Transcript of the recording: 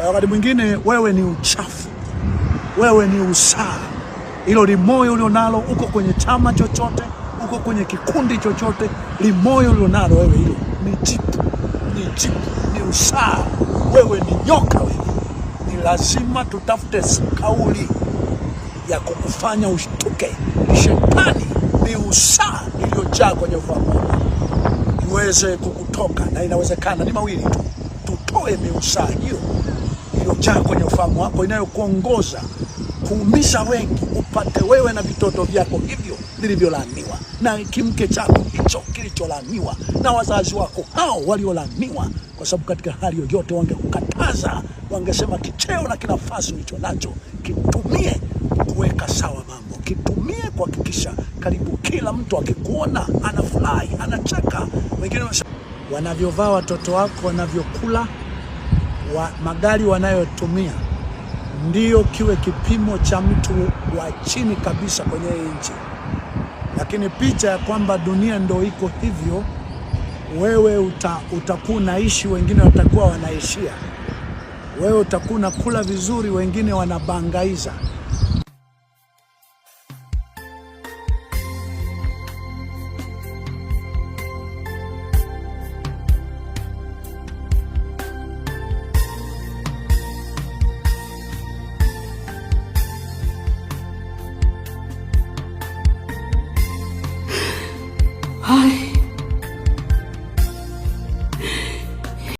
Eh, wakati mwingine wewe ni uchafu, wewe ni usaa. Hilo limoyo ulionalo, uko kwenye chama chochote, uko kwenye kikundi chochote, limoyo ulionalo wewe, hilo ni jipu, ni jipu, ni usaa. Wewe ni nyoka, wewe ni lazima tutafute kauli ya kukufanya ushtuke. Shetani ni usaa iliyojaa kwenye ufahamu iweze kukutoka, na inawezekana ni mawili tu, tutoe miusaa hiyo kilio chako na ufahamu wako inayokuongoza kuumiza wengi, upate wewe na vitoto vyako hivyo vilivyolaaniwa na kimke chako hicho kilicholaaniwa na wazazi wako hao waliolaaniwa, kwa sababu katika hali yoyote wangekukataza, wangesema kicheo na kinafasi ulicho nacho kitumie kuweka sawa mambo, kitumie kuhakikisha karibu kila mtu akikuona anafurahi, anacheka. Wengine wanavyovaa watoto wako wanavyokula wa, magari wanayotumia ndio kiwe kipimo cha mtu wa chini kabisa kwenye hii nchi. Lakini picha ya kwamba dunia ndo iko hivyo, wewe uta, utakuwa unaishi, wengine watakuwa wanaishia, wewe utakuwa unakula vizuri, wengine wanabangaiza. Ay